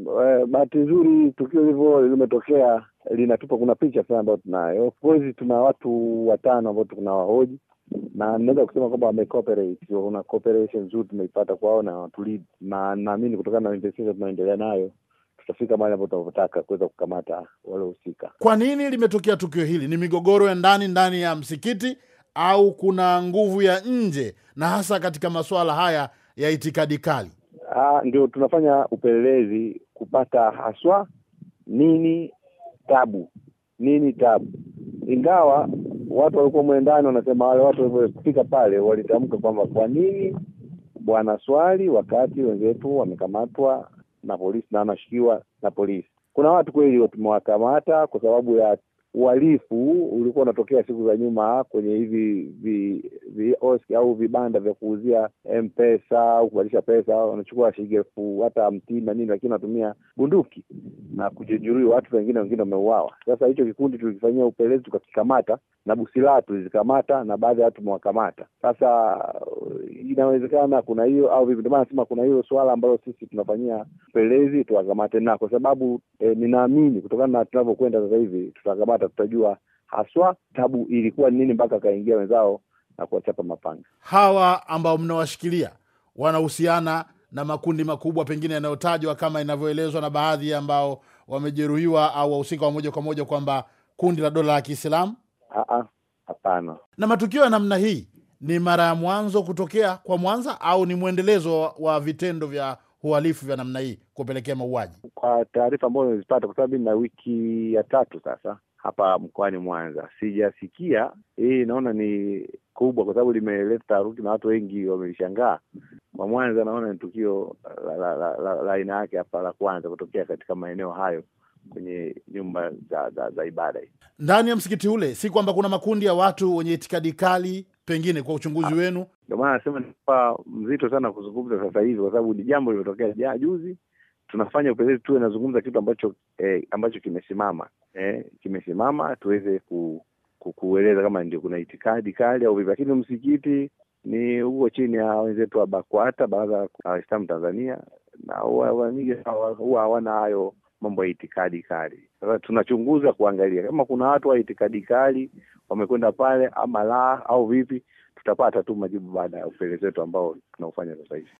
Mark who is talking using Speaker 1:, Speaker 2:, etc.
Speaker 1: Eh, bahati nzuri tukio hivyo limetokea linatupa, kuna picha sana ambayo tunayo. Of course tuna watu watano ambao tuna wahoji na naweza kusema kwamba wamecooperate, kuna cooperation nzuri tumeipata kwao na watulead, na naamini kutokana na investigation tunaendelea nayo tutafika mahali ambao tunavyotaka kuweza kukamata waliohusika.
Speaker 2: Kwa nini limetokea tukio hili? Ni migogoro ya ndani ndani ya msikiti au kuna nguvu ya nje, na hasa katika masuala haya ya itikadi kali?
Speaker 1: Ah, ndio tunafanya upelelezi kupata haswa nini tabu, nini tabu, ingawa watu walikuwa mwendani wanasema wale watu walipofika pale walitamka kwamba kwa nini bwana swali wakati wenzetu wamekamatwa na polisi na wanashikiwa na polisi. Kuna watu kweli tumewakamata kwa sababu ya uhalifu ulikuwa unatokea siku za nyuma kwenye hivi vi, au vibanda vya kuuzia mpesa au kubadilisha pesa, wanachukua shilingi elfu hata hamsini na nini, lakini wanatumia bunduki na kujeruhi watu wengine, wengine wameuawa. Sasa hicho kikundi tulikifanyia upelezi, tukakikamata na busilaha tulizikamata na baadhi ya watu tumewakamata. Sasa uh, inawezekana kuna hiyo au vipi? Ndio maana nasema kuna hilo swala ambalo sisi tunafanyia upelezi tuwakamate, na kwa sababu e, ninaamini kutokana na tunavyokwenda sasa hivi tutakamata, tutajua haswa tabu ilikuwa nini mpaka akaingia wenzao na kuwachapa mapanga.
Speaker 2: Hawa ambao mnawashikilia wanahusiana na makundi makubwa pengine yanayotajwa kama inavyoelezwa na baadhi ambao wamejeruhiwa au wahusika wa moja kwa moja kwamba kundi la dola la Kiislamu?
Speaker 1: Ah, ah, hapana.
Speaker 2: Na matukio ya namna hii ni mara ya mwanzo kutokea kwa Mwanza au ni mwendelezo wa vitendo vya uhalifu vya namna hii kupelekea mauaji?
Speaker 1: Kwa taarifa ambazo nimezipata, kwa sababu na wiki ya tatu sasa hapa mkoani Mwanza, sijasikia hii. Naona ni kubwa, kwa sababu limeleta taharuki na watu wengi wamelishangaa Mwanza naona ni tukio la aina yake hapa la kwanza kutokea katika maeneo hayo kwenye nyumba za, za, za ibada
Speaker 2: ndani ya msikiti ule. Si kwamba kuna makundi ya watu wenye itikadi kali, pengine kwa uchunguzi ah. wenu. Ndio maana nasema ni
Speaker 1: mzito sana kuzungumza sasa hivi, kwa sababu ni jambo lililotokea juzi. Tunafanya upelelezi, tuwe nazungumza kitu ambacho eh, ambacho kimesimama eh, kimesimama tuweze ku kueleza kama ndio kuna itikadi kali au vipi, lakini msikiti ni huko chini ya wenzetu wa BAKWATA, Baraza la Waislamu Tanzania, na huwa nyingi huwa hawana hayo mambo ya itikadi kali. Sasa tunachunguza kuangalia kama kuna watu wa itikadi kali wamekwenda pale ama la au vipi. Tutapata tu majibu baada ya upelezi wetu ambao tunaofanya sasa hivi.